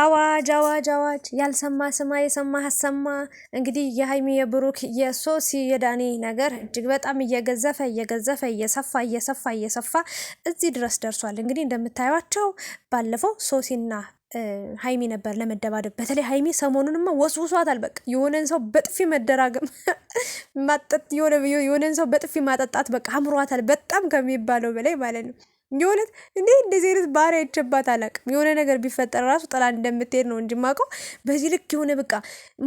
አዋጅ አዋጅ አዋጅ! ያልሰማ ስማ፣ የሰማ አሰማ። እንግዲህ የሀይሚ የብሩክ የሶሲ የዳኒ ነገር እጅግ በጣም እየገዘፈ እየገዘፈ እየሰፋ እየሰፋ እየሰፋ እዚህ ድረስ ደርሷል። እንግዲህ እንደምታዩቸው ባለፈው ሶሲና ሀይሚ ነበር ለመደባደብ። በተለይ ሀይሚ ሰሞኑንማ ወስውሷታል። በቃ የሆነን ሰው በጥፊ መደራገም ማጠጥ የሆነን ሰው በጥፊ ማጠጣት በቃ አምሯታል፣ በጣም ከሚባለው በላይ ማለት ነው። የሆነት እንዴ እንደዚህ አይነት ባህሪ አይቼባት አላውቅም። የሆነ ነገር ቢፈጠር ራሱ ጥላ እንደምትሄድ ነው እንጂ የማውቀው በዚህ ልክ የሆነ በቃ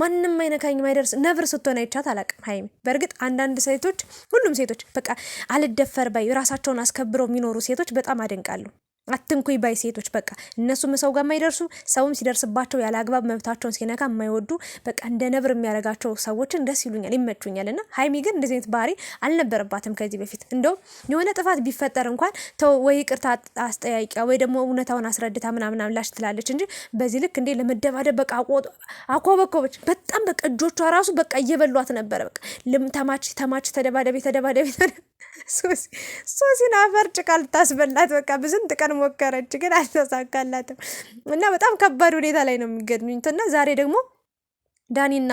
ማንም አይነካኝ ማይደርስ ነብር ስትሆን አይቻት አላውቅም ሀይሚ። በእርግጥ አንዳንድ ሴቶች፣ ሁሉም ሴቶች በቃ አልደፈር ባይ ራሳቸውን አስከብረው የሚኖሩ ሴቶች በጣም አደንቃለሁ። አትንኩኝ ባይ ሴቶች በቃ እነሱም ሰው ጋር የማይደርሱ ሰውም ሲደርስባቸው ያለ አግባብ መብታቸውን ሲነካ የማይወዱ በቃ እንደ ነብር የሚያደርጋቸው ሰዎችን ደስ ይሉኛል፣ ይመቹኛል። እና ሀይሚ ግን እንደዚህ አይነት ባህሪ አልነበረባትም ከዚህ በፊት እንደውም የሆነ ጥፋት ቢፈጠር እንኳን ተው ወይ ይቅርታ አስጠያቂያ ወይ ደግሞ እውነታውን አስረድታ ምናምናም ላሽ ትላለች እንጂ በዚህ ልክ እንዴ ለመደባደብ በቃ አኮበኮበች። በጣም በቃ እጆቿ ራሱ በቃ እየበሏት ነበረ። በቃ ተማች ተማች ተደባደቤ ተደባደቤ ሶሲን አፈር ጭቃ ልታስበላት በቃ ብዙም ጥቀን ሞከረች፣ ግን አልተሳካላትም እና በጣም ከባድ ሁኔታ ላይ ነው የሚገኙት እና ዛሬ ደግሞ ዳኒና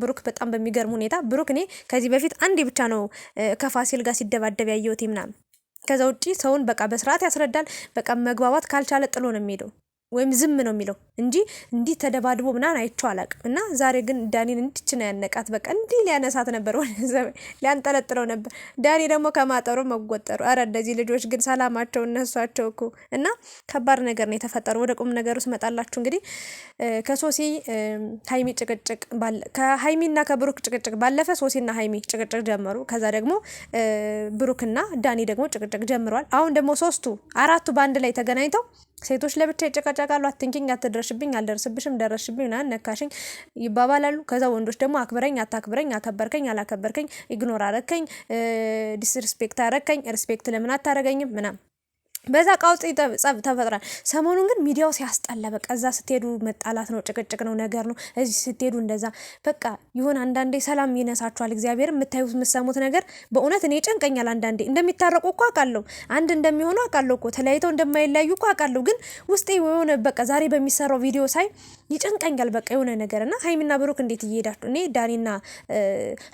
ብሩክ በጣም በሚገርም ሁኔታ ብሩክ እኔ ከዚህ በፊት አንዴ ብቻ ነው ከፋሲል ጋር ሲደባደብ ያየሁት ምናምን። ከዛ ውጪ ሰውን በቃ በስርዓት ያስረዳል። በቃ መግባባት ካልቻለ ጥሎ ነው የሚሄደው። ወይም ዝም ነው የሚለው እንጂ እንዲህ ተደባድቦ ምናምን አይቼው አላቅም። እና ዛሬ ግን ዳኒን እንድች ነው ያነቃት። በቃ እንዲህ ሊያነሳት ነበር፣ ሊያንጠለጥለው ነበር። ዳኒ ደግሞ ከማጠሩ መጎጠሩ። አረ እንደዚህ ልጆች ግን ሰላማቸው እነሷቸው እኮ እና ከባድ ነገር ነው የተፈጠሩ። ወደ ቁም ነገሩ ስመጣላችሁ እንግዲህ ከሶሲ ሀይሚ ጭቅጭቅ ከሀይሚና ከብሩክ ጭቅጭቅ ባለፈ ሶሲና ሀይሚ ጭቅጭቅ ጀመሩ። ከዛ ደግሞ ብሩክና ዳኒ ደግሞ ጭቅጭቅ ጀምረዋል። አሁን ደግሞ ሶስቱ አራቱ በአንድ ላይ ተገናኝተው ሴቶች ለብቻ ይጨቃጨቃሉ። አትንኪኝ፣ አትድረሽብኝ፣ አልደረስብሽም፣ ደረስሽብኝ፣ ና ነካሽኝ ይባባላሉ። ከዛ ወንዶች ደግሞ አክብረኝ፣ አታክብረኝ፣ አከበርከኝ፣ አላከበርከኝ፣ ኢግኖር አረከኝ፣ ዲስሪስፔክት አረከኝ፣ ሪስፔክት ለምን አታረገኝም ምናም በዛ ቃውጥ ተፈጥሯል። ሰሞኑን ግን ሚዲያው ሲያስጠላ፣ በቃ እዛ ስትሄዱ መጣላት ነው፣ ጭቅጭቅ ነው፣ ነገር ነው። እዚህ ስትሄዱ እንደዛ በቃ ይሁን። አንዳንዴ ሰላም ይነሳችኋል። እግዚአብሔር የምታዩት የምሰሙት ነገር በእውነት እኔ ጨንቀኛል። አንዳንዴ እንደሚታረቁ እኮ አውቃለሁ፣ አንድ እንደሚሆኑ አውቃለሁ እኮ ተለያይተው እንደማይለያዩ እኮ አውቃለሁ። ግን ውስጤ የሆነ በቃ ዛሬ በሚሰራው ቪዲዮ ሳይ ይጨንቀኛል። በቃ የሆነ ነገር እና ሀይሚና ብሩክ እንዴት እየሄዳችሁ እኔ ዳኒና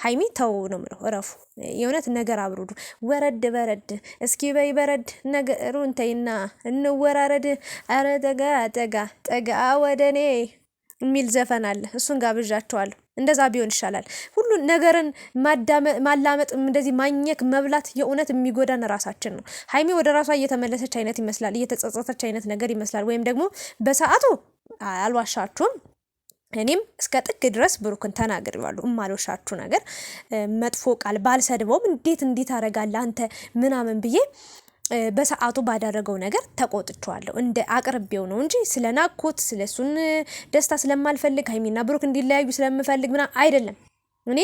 ሀይሚ ተው ነው የምለው፣ እረፉ። የእውነት ነገር አብሩዱ፣ ወረድ በረድ እስኪ በይ በረድ ነገር ነገሩን እንተይና እንወራረድ። አረ ጠጋ ጠጋ ጠጋ ወደኔ የሚል ዘፈን አለ። እሱን ጋብዣቸዋለሁ። እንደዛ ቢሆን ይሻላል። ሁሉን ነገርን ማላመጥ፣ እንደዚህ ማኘክ፣ መብላት የእውነት የሚጎዳን ራሳችን ነው። ሀይሚ ወደ ራሷ እየተመለሰች አይነት ይመስላል፣ እየተጸጸተች አይነት ነገር ይመስላል። ወይም ደግሞ በሰዓቱ አልዋሻችሁም እኔም እስከ ጥግ ድረስ ብሩክን ተናግሬዋለሁ። እማልወሻችሁ ነገር መጥፎ ቃል ባልሰድበውም እንዴት እንዴት አደርጋለሁ አንተ ምናምን ብዬ በሰዓቱ ባደረገው ነገር ተቆጥቼዋለሁ። እንደ አቅርቤው ነው እንጂ ስለናኩት ስለሱን ደስታ ስለማልፈልግ ሀይሚና ብሩክ እንዲለያዩ ስለምፈልግ ምናምን አይደለም። እኔ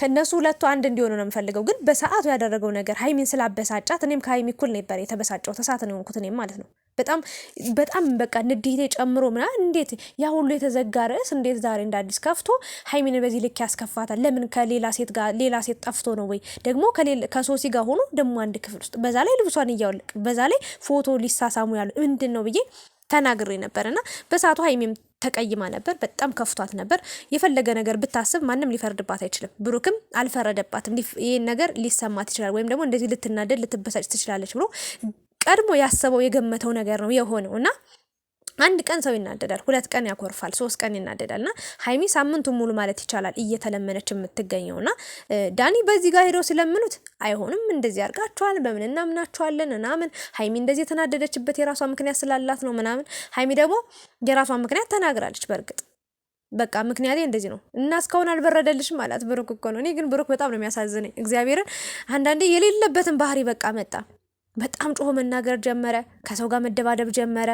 ከእነሱ ሁለቱ አንድ እንዲሆኑ ነው የምፈልገው። ግን በሰዓቱ ያደረገው ነገር ሀይሚን ስላበሳጫት እኔም ከሀይሚ እኩል ነበር የተበሳጨው ተሳት ነው የሆንኩት እኔም ማለት ነው። በጣም በጣም በቃ ንዴቴ ጨምሮ ምና እንዴት ያ ሁሉ የተዘጋ ርዕስ እንዴት ዛሬ እንደ አዲስ ከፍቶ ሀይሚን በዚህ ልክ ያስከፋታል? ለምን ከሌላ ሴት ጋር ሌላ ሴት ጠፍቶ ነው ወይ ደግሞ ከሶሲ ጋር ሆኖ ደግሞ አንድ ክፍል ውስጥ በዛ ላይ ልብሷን እያወለቅ በዛ ላይ ፎቶ ሊሳሳሙ ያሉ ምንድን ነው ብዬ ተናግሬ ነበር እና በሰዓቱ ሀይሚም ተቀይማ ነበር። በጣም ከፍቷት ነበር። የፈለገ ነገር ብታስብ ማንም ሊፈርድባት አይችልም። ብሩክም አልፈረደባትም። ይህን ነገር ሊሰማት ይችላል ወይም ደግሞ እንደዚህ ልትናደድ ልትበሳጭ ትችላለች ብሎ ቀድሞ ያሰበው የገመተው ነገር ነው የሆነው እና አንድ ቀን ሰው ይናደዳል፣ ሁለት ቀን ያኮርፋል፣ ሶስት ቀን ይናደዳል። ና ሀይሚ ሳምንቱ ሙሉ ማለት ይቻላል እየተለመነች የምትገኘው እና ዳኒ በዚህ ጋር ሄደው ሲለምኑት አይሆንም እንደዚህ ያርጋቸዋል በምን እናምናቸዋለን ምናምን ሀይሚ እንደዚህ የተናደደችበት የራሷ ምክንያት ስላላት ነው ምናምን። ሀይሚ ደግሞ የራሷ ምክንያት ተናግራለች በእርግጥ በቃ ምክንያቴ እንደዚህ ነው እና እስካሁን አልበረደልሽም አላት። ብሩክ እኮ ነው። እኔ ግን ብሩክ በጣም ነው የሚያሳዝነኝ። እግዚአብሔርን አንዳንዴ የሌለበትን ባህሪ በቃ መጣ። በጣም ጮሆ መናገር ጀመረ። ከሰው ጋር መደባደብ ጀመረ።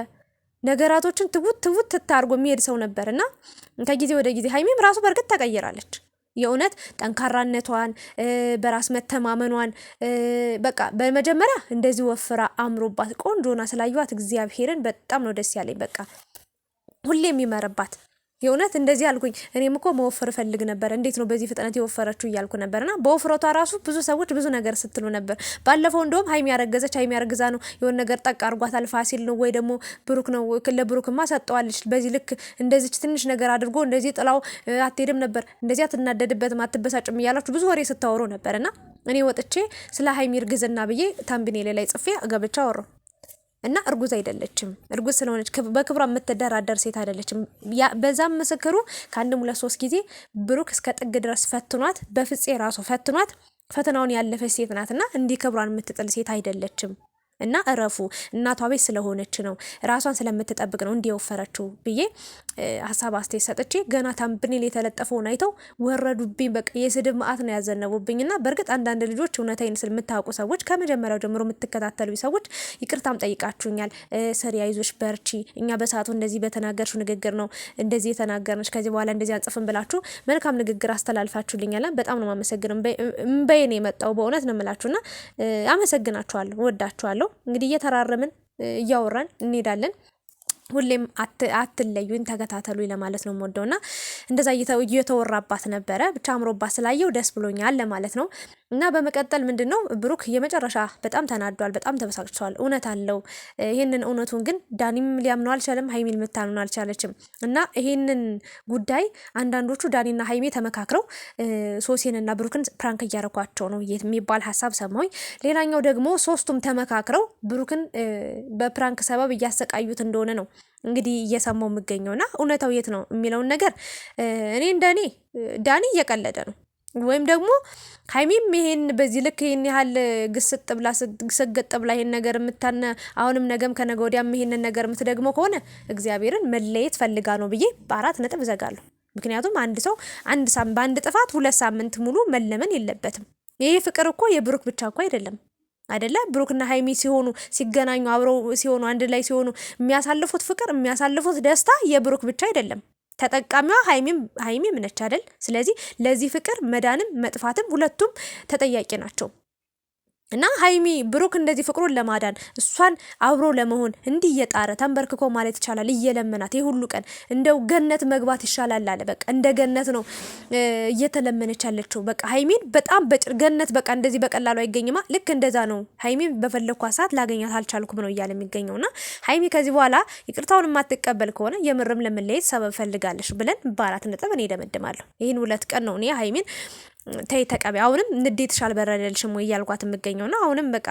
ነገራቶችን ትውት ትውት ትታርጎ የሚሄድ ሰው ነበር እና ከጊዜ ወደ ጊዜ ሀይሚም ራሱ በእርግጥ ተቀይራለች። የእውነት ጠንካራነቷን በራስ መተማመኗን በቃ በመጀመሪያ እንደዚህ ወፍራ አምሮባት ቆንጆና ስላዩዋት እግዚአብሔርን በጣም ነው ደስ ያለኝ። በቃ ሁሌ የሚመርባት የእውነት እንደዚህ አልኩኝ። እኔም እኮ መወፈር እፈልግ ነበር፣ እንዴት ነው በዚህ ፍጥነት የወፈረችው እያልኩ ነበርና በወፍረቷ ራሱ ብዙ ሰዎች ብዙ ነገር ስትሉ ነበር። ባለፈው እንደውም ሀይሚ ያረገዘች ሀይሚ ያረግዛ ነው የሆነ ነገር ጠቅ አርጓታል ፋሲል ነው ወይ ደግሞ ብሩክ ነው። ለብሩክማ ሰጠዋለች። በዚህ ልክ እንደዚች ትንሽ ነገር አድርጎ እንደዚህ ጥላው አትሄድም ነበር፣ እንደዚህ አትናደድበትም፣ አትበሳጭም እያላችሁ ብዙ ወሬ ስታወሩ ነበርና እኔ ወጥቼ ስለ ሀይሚ እርግዝና ብዬ ታምቢኔ ላይ ጽፌ ገብቻ አወራሁ። እና እርጉዝ አይደለችም። እርጉዝ ስለሆነች በክብሯ የምትደራደር ሴት አይደለችም። በዛም ምስክሩ ከአንድም ሁለት ሶስት ጊዜ ብሩክ እስከ ጥግ ድረስ ፈትኗት፣ በፍፄ ራሱ ፈትኗት፣ ፈተናውን ያለፈች ሴት ናት እና እንዲህ ክብሯን የምትጥል ሴት አይደለችም። እና እረፉ እናቷ ቤት ስለሆነች ነው ራሷን ስለምትጠብቅ ነው የወፈረችው ብዬ ሀሳብ አስተያየት ሰጥቼ ገና ታምብኔል የተለጠፈውን አይተው ወረዱብኝ። በቃ የስድብ መዓት ነው ያዘነቡብኝ። እና በእርግጥ አንዳንድ ልጆች እውነታይን ስል የምታውቁ ሰዎች ከመጀመሪያው ጀምሮ የምትከታተሉ ሰዎች ይቅርታም ጠይቃችሁኛል። ስሪ፣ አይዞሽ፣ በርቺ፣ እኛ በሰዓቱ እንደዚህ በተናገርሽው ንግግር ነው እንደዚህ የተናገርነች፣ ከዚህ በኋላ እንደዚህ አንጽፍም ብላችሁ መልካም ንግግር አስተላልፋችሁልኛል። በጣም ነው የማመሰግነው። እምበይን የመጣው በእውነት ነው የምላችሁና አመሰግናችኋለሁ፣ ወዳችኋለሁ። እንግዲህ እየተራረምን እያወራን እንሄዳለን። ሁሌም አትለዩኝ ተከታተሉ ለማለት ነው የምወደው እና እንደዛ እየተወራባት ነበረ። ብቻ አምሮባት ስላየው ደስ ብሎኛል ለማለት ነው። እና በመቀጠል ምንድን ነው ብሩክ የመጨረሻ በጣም ተናዷል፣ በጣም ተበሳጭቷል። እውነት አለው። ይህንን እውነቱን ግን ዳኒም ሊያምነው አልቻለም፣ ሀይሚ ምታምነው አልቻለችም። እና ይህንን ጉዳይ አንዳንዶቹ ዳኒና ሀይሚ ተመካክረው ሶሴንና ብሩክን ፕራንክ እያረኳቸው ነው የሚባል ሀሳብ ሰማሁኝ። ሌላኛው ደግሞ ሶስቱም ተመካክረው ብሩክን በፕራንክ ሰበብ እያሰቃዩት እንደሆነ ነው እንግዲህ እየሰማው የምገኘውና እውነታው የት ነው የሚለውን ነገር እኔ እንደኔ ዳኒ እየቀለደ ነው ወይም ደግሞ ሀይሚም ይሄን በዚህ ልክ ይህን ያህል ግስጥ ብላ ስገጥ ብላ ይሄን ነገር የምታነ አሁንም ነገም ከነገ ወዲያም ይሄንን ነገር የምትደግመው ከሆነ እግዚአብሔርን መለየት ፈልጋ ነው ብዬ በአራት ነጥብ እዘጋለሁ። ምክንያቱም አንድ ሰው አንድ በአንድ ጥፋት ሁለት ሳምንት ሙሉ መለመን የለበትም። ይሄ ፍቅር እኮ የብሩክ ብቻ እኮ አይደለም። አይደለ? ብሩክና ሀይሚ ሲሆኑ ሲገናኙ አብረው ሲሆኑ አንድ ላይ ሲሆኑ የሚያሳልፉት ፍቅር የሚያሳልፉት ደስታ የብሩክ ብቻ አይደለም። ተጠቃሚዋ ሀይሚም ሀይሚም ነች አይደል? ስለዚህ ለዚህ ፍቅር መዳንም መጥፋትም ሁለቱም ተጠያቂ ናቸው። እና ሀይሚ ብሩክ እንደዚህ ፍቅሩን ለማዳን እሷን አብሮ ለመሆን እንዲህ እየጣረ ተንበርክኮ ማለት ይቻላል እየለመናት ይህ ሁሉ ቀን እንደው ገነት መግባት ይሻላል አለ። በቃ እንደ ገነት ነው እየተለመነች ያለችው። በቃ ሀይሚን በጣም በጭር ገነት በቃ እንደዚህ በቀላሉ አይገኝማ። ልክ እንደዛ ነው ሀይሚን በፈለግኳ ሰዓት ላገኛት አልቻልኩም ነው እያለ የሚገኘው እና ሀይሚ ከዚህ በኋላ ይቅርታውን የማትቀበል ከሆነ የምርም ለመለየት ሰበብ ፈልጋለች ብለን በአራት ነጥብ እኔ ደመድማለሁ። ይህን ሁለት ቀን ነው እኔ ሀይሚን ተይ ተቀቢ፣ አሁንም ንዴትሽ አልበረደልሽም ወይ እያልኳት የምገኘው እና አሁንም በቃ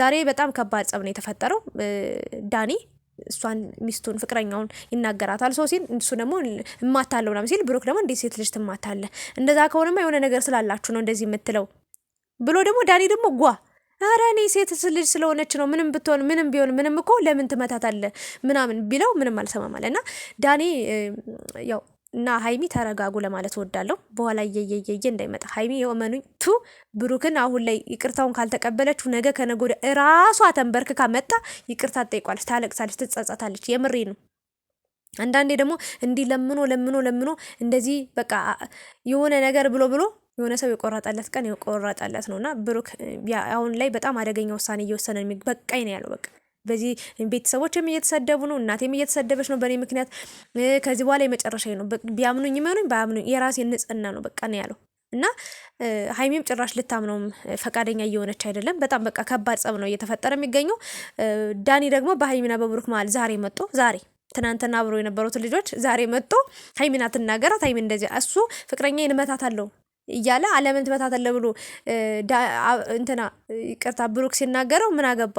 ዛሬ በጣም ከባድ ጸብ ነው የተፈጠረው። ዳኒ እሷን ሚስቱን ፍቅረኛውን ይናገራታል። ሰው ሲል እሱ ደግሞ እማታለሁ ምናምን ሲል ብሩክ ደግሞ እንዴት ሴት ልጅ ትማታለ? እንደዛ ከሆነማ የሆነ ነገር ስላላችሁ ነው እንደዚህ የምትለው ብሎ ደግሞ ዳኒ ደግሞ ጓ ኧረ እኔ ሴት ልጅ ስለሆነች ነው ምንም ብትሆን ምንም ቢሆን ምንም እኮ ለምን ትመታታለ ምናምን ቢለው ምንም አልሰማማለ። እና ዳኒ ያው እና ሀይሚ ተረጋጉ ለማለት እወዳለሁ። በኋላ እየየየየ እንዳይመጣ ሀይሚ የመኑ ቱ ብሩክን አሁን ላይ ይቅርታውን ካልተቀበለችው ነገ ከነገ ወዲያ እራሷ ተንበርክካ መጣ ይቅርታ ትጠይቋለች፣ ታለቅሳለች፣ ትጸጸታለች። የምሬ ነው። አንዳንዴ ደግሞ እንዲህ ለምኖ ለምኖ ለምኖ እንደዚህ በቃ የሆነ ነገር ብሎ ብሎ የሆነ ሰው የቆረጠለት ቀን የቆረጠለት ነው እና ብሩክ አሁን ላይ በጣም አደገኛ ውሳኔ እየወሰነ በቃኝ ነው ያለው በቃ በዚህ ቤተሰቦችም እየተሰደቡ ነው፣ እናቴም እየተሰደበች ነው በእኔ ምክንያት። ከዚህ በኋላ የመጨረሻ ነው፣ ቢያምኑኝ ይመኑኝ ባያምኑኝ የራሴ ንጽህና ነው በቃ ነው ያለው። እና ሀይሚም ጭራሽ ልታምነውም ፈቃደኛ እየሆነች አይደለም። በጣም በቃ ከባድ ጸብ ነው እየተፈጠረ የሚገኘው። ዳኒ ደግሞ በሀይሚና በብሩክ መሀል ዛሬ መጡ ዛሬ ትናንትና አብሮ የነበሩት ልጆች ዛሬ መጦ ሀይሚና ትናገራት ሀይሚ እንደዚህ እሱ ፍቅረኛ ይንመታት አለው እያለ አለምን ትመታታለህ ብሎ እንትና ይቅርታ ብሩክ ሲናገረው ምን አገባ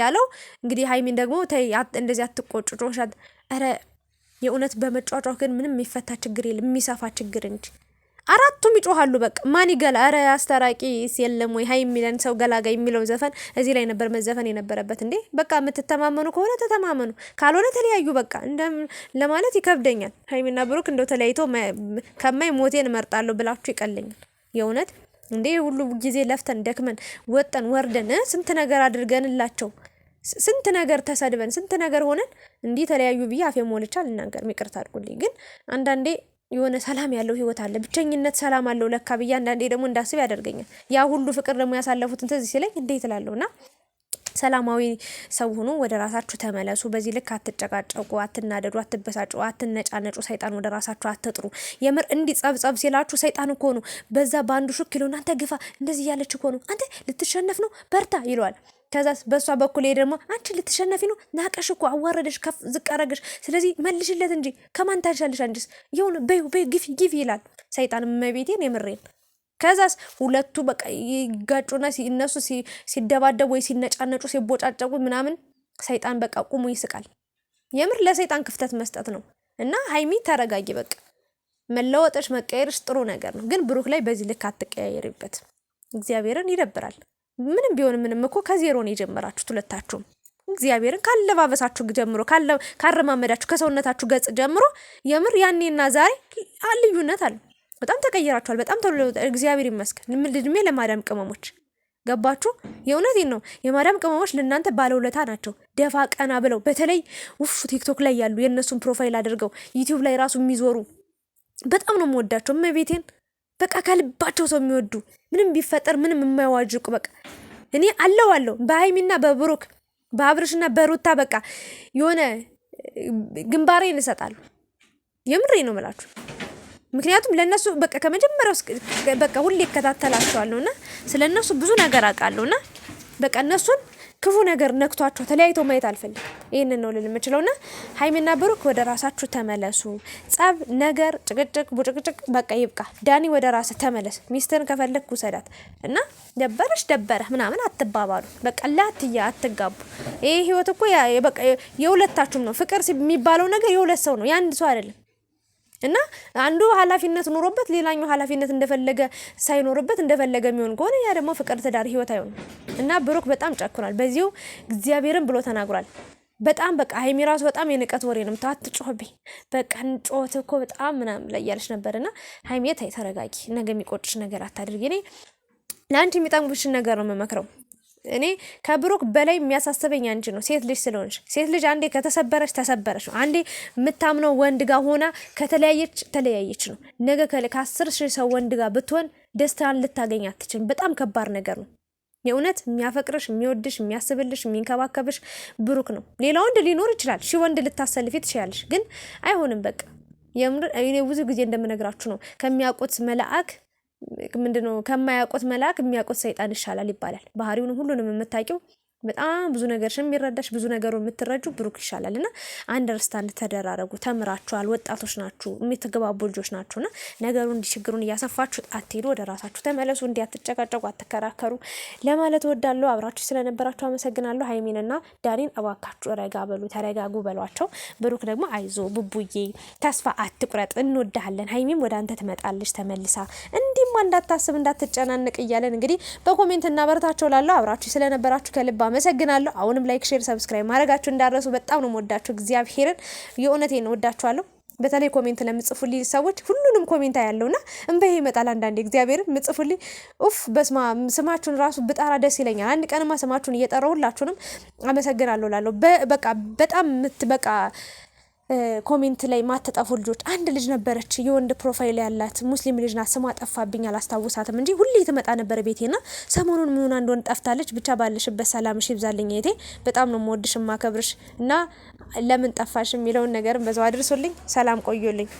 ያለው እንግዲህ ሀይሚን ደግሞ ተይ እንደዚህ አትቆጩ ጮሻት ረ የእውነት በመጫጫው ግን ምንም የሚፈታ ችግር የለም የሚሰፋ ችግር እንጂ አራቱም ይጮሃሉ በቃ ማን ይገላ ረ አስታራቂ የለም ወይ ሀይ የሚለን ሰው ገላጋ የሚለው ዘፈን እዚህ ላይ ነበር መዘፈን የነበረበት እንዴ በቃ የምትተማመኑ ከሆነ ተተማመኑ ካልሆነ ተለያዩ በቃ ለማለት ይከብደኛል ሀይሚና ብሩክ እንደው ተለያይቶ ከማይ ሞቴን እመርጣለሁ ብላችሁ ይቀለኛል የእውነት እንዴ ሁሉ ጊዜ ለፍተን ደክመን ወጠን ወርደን ስንት ነገር አድርገንላቸው ስንት ነገር ተሰድበን ስንት ነገር ሆነን እንዲህ ተለያዩ ብዬ አፌ ሞልቼ አልናገርም። ይቅርታ አድርጉልኝ። ግን አንዳንዴ የሆነ ሰላም ያለው ህይወት አለ፣ ብቸኝነት ሰላም አለው ለካ ብዬ አንዳንዴ ደግሞ እንዳስብ ያደርገኛል። ያ ሁሉ ፍቅር ደግሞ ያሳለፉትን ትዝ ሲለኝ እንዴት እላለሁና ሰላማዊ ሰው ሁኑ፣ ወደ ራሳችሁ ተመለሱ። በዚህ ልክ አትጨቃጨቁ፣ አትናደዱ፣ አትበሳጩ፣ አትነጫነጩ። ሰይጣን ወደ ራሳችሁ አትጥሩ። የምር እንዲጸብጸብ ሲላችሁ ሰይጣን እኮ ነው በዛ በአንዱ ሹክ ይለውና አንተ ግፋ እንደዚህ እያለች እኮ ነው አንተ ልትሸነፍ ነው በርታ ይለዋል። ከዛ በእሷ በኩል ደግሞ አንቺ ልትሸነፊ ነው ናቀሽ እኮ አዋረደሽ፣ ከፍ ዝቅ አረገሽ። ስለዚህ መልሽለት እንጂ ከማን ታንሻለሽ? አንቺስ የሆነ በዩ በዩ ግፊ ግፊ ይላል ሰይጣን። መቤቴን የምሬን ከዛስ ሁለቱ በቃ ይጋጩና እነሱ ሲደባደቡ ወይ ሲነጫነጩ ሲቦጫጨቁ ምናምን ሰይጣን በቃ ቁሙ ይስቃል። የምር ለሰይጣን ክፍተት መስጠት ነው። እና ሀይሚ ተረጋጊ። በቃ መለወጠሽ መቀየርሽ ጥሩ ነገር ነው፣ ግን ብሩክ ላይ በዚህ ልክ አትቀያየርበት እግዚአብሔርን ይደብራል። ምንም ቢሆን ምንም እኮ ከዜሮ ነው የጀመራችሁት ሁለታችሁም። እግዚአብሔርን ካለባበሳችሁ ጀምሮ ካረማመዳችሁ፣ ከሰውነታችሁ ገጽ ጀምሮ የምር ያኔና ዛሬ ልዩነት አለ። በጣም ተቀይራችኋል። በጣም ተብሎ እግዚአብሔር ይመስገን። እድሜ ለማዳም ቅመሞች ገባችሁ? የእውነቴን ነው። የማዳም ቅመሞች ለእናንተ ባለውለታ ናቸው። ደፋ ቀና ብለው በተለይ ውፍ ቲክቶክ ላይ ያሉ የእነሱን ፕሮፋይል አድርገው ዩቲዩብ ላይ ራሱ የሚዞሩ በጣም ነው የምወዳቸው። እመቤቴን በቃ ከልባቸው ሰው የሚወዱ ምንም ቢፈጠር ምንም የማይዋጅቁ በቃ እኔ አለው አለው በሀይሚና በብሩክ በአብርሽና በሩታ በቃ የሆነ ግንባሬን እሰጣሉ። የምሬ ነው ምላችሁ። ምክንያቱም ለእነሱ በቃ ከመጀመሪያው በቃ ሁሌ እከታተላቸዋለሁ እና ስለ እነሱ ብዙ ነገር አውቃለሁ እና በቃ እነሱን ክፉ ነገር ነክቷቸው ተለያይቶ ማየት አልፈልግም። ይህንን ነው ልል የምችለው እና ሀይሚና ብሩክ ወደ ራሳችሁ ተመለሱ። ጸብ ነገር፣ ጭቅጭቅ፣ ቡጭቅጭቅ በቃ ይብቃ። ዳኒ ወደ ራስ ተመለስ። ሚስትን ከፈለግ ውሰዳት እና ደበረሽ ደበረ ምናምን አትባባሉ። በቃ ላትያ አትጋቡ። ይህ ህይወት እኮ የሁለታችሁም ነው። ፍቅር የሚባለው ነገር የሁለት ሰው ነው፣ የአንድ ሰው አይደለም። እና አንዱ ኃላፊነት ኑሮበት ሌላኛው ኃላፊነት እንደፈለገ ሳይኖርበት እንደፈለገ የሚሆን ከሆነ ያ ደግሞ ፍቅር፣ ትዳር፣ ህይወት አይሆን እና ብሩክ በጣም ጨክኗል። በዚሁ እግዚአብሔርን ብሎ ተናግሯል። በጣም በቃ ሀይሚ ራሱ በጣም የንቀት ወሬ ነው ምታ አትጮህብኝ፣ በቃ ንጮት እኮ በጣም ምናምን ላይ እያለች ነበር። እና ሀይሚ ታይ ተረጋጊ፣ ነገ የሚቆጭሽ ነገር አታድርጊ። እኔ ለአንቺ የሚጠቅምሽን ነገር ነው የምመክረው እኔ ከብሩክ በላይ የሚያሳስበኝ አንቺ ነው፣ ሴት ልጅ ስለሆንሽ። ሴት ልጅ አንዴ ከተሰበረች ተሰበረች ነው። አንዴ የምታምነው ወንድ ጋር ሆና ከተለያየች ተለያየች ነው። ነገ ከአስር ሺህ ሰው ወንድ ጋር ብትሆን ደስታን ልታገኝ አትችልም። በጣም ከባድ ነገር ነው። የእውነት የሚያፈቅርሽ የሚወድሽ የሚያስብልሽ የሚንከባከብሽ ብሩክ ነው። ሌላ ወንድ ሊኖር ይችላል። ሺ ወንድ ልታሰልፊ ትችላለሽ፣ ግን አይሆንም። በቃ እኔ ብዙ ጊዜ እንደምነግራችሁ ነው ከሚያውቁት መልአክ ምንድነው ከማያውቁት መልአክ የሚያውቁት ሰይጣን ይሻላል ይባላል። ባህሪውን ሁሉንም የምታውቂው በጣም ብዙ ነገር የሚረዳሽ ብዙ ነገሩ የምትረጁ ብሩክ ይሻላል። እና አንደርስታንድ ተደራረጉ። ተምራችኋል፣ ወጣቶች ናችሁ፣ የምትገባቡ ልጆች ናችሁ። ናችሁና ነገሩ ችግሩን እያሰፋችሁ አትሄዱ፣ ወደ ራሳችሁ ተመለሱ። እንዲ አትጨቃጨቁ፣ አትከራከሩ ለማለት እወዳለሁ። አብራችሁ ስለነበራችሁ አመሰግናለሁ። ሀይሚን ሀይሚንና ዳኒን እባካችሁ ረጋ በሉ፣ ተረጋጉ በሏቸው። ብሩክ ደግሞ አይዞ ቡቡዬ፣ ተስፋ አትቁረጥ፣ እንወዳሃለን፣ ሀይሚም ወደ አንተ ትመጣለች ተመልሳ ምንም እንዳታስብ እንዳትጨናነቅ እያለን እንግዲህ በኮሜንት እናበረታቸው። ላለሁ አብራችሁ ስለነበራችሁ ከልብ አመሰግናለሁ። አሁንም ላይክ፣ ሼር፣ ሰብስክራይብ ማድረጋችሁ እንዳረሱ። በጣም ነው ወዳችሁ፣ እግዚአብሔርን የእውነቴን ወዳችኋለሁ። በተለይ ኮሜንት ለምጽፉልኝ ሰዎች ሁሉንም ኮሜንት ያለውና እንበይ ይመጣል። አንዳንዴ እግዚአብሔርን ምጽፉልኝ ኡፍ በስማ ስማችሁን ራሱ ብጣራ ደስ ይለኛል። አንድ ቀንማ ስማችሁን እየጠራሁ ሁላችሁንም አመሰግናለሁ ላለሁ በቃ በጣም ምትበቃ ኮሜንት ላይ ማትጠፉ ልጆች አንድ ልጅ ነበረች የወንድ ፕሮፋይል ያላት ሙስሊም ልጅ ናት። ስሟ ጠፋብኝ አላስታውሳትም እንጂ ሁሌ ትመጣ ነበረ ቤቴና ሰሞኑን ምሆን እንደሆን ወንድ ጠፍታለች። ብቻ ባለሽበት ሰላምሽ ይብዛልኝ እቴ፣ በጣም ነው የምወድሽ ማከብርሽ። እና ለምን ጠፋሽ የሚለውን ነገርም በዛው አድርሶልኝ። ሰላም ቆዩልኝ።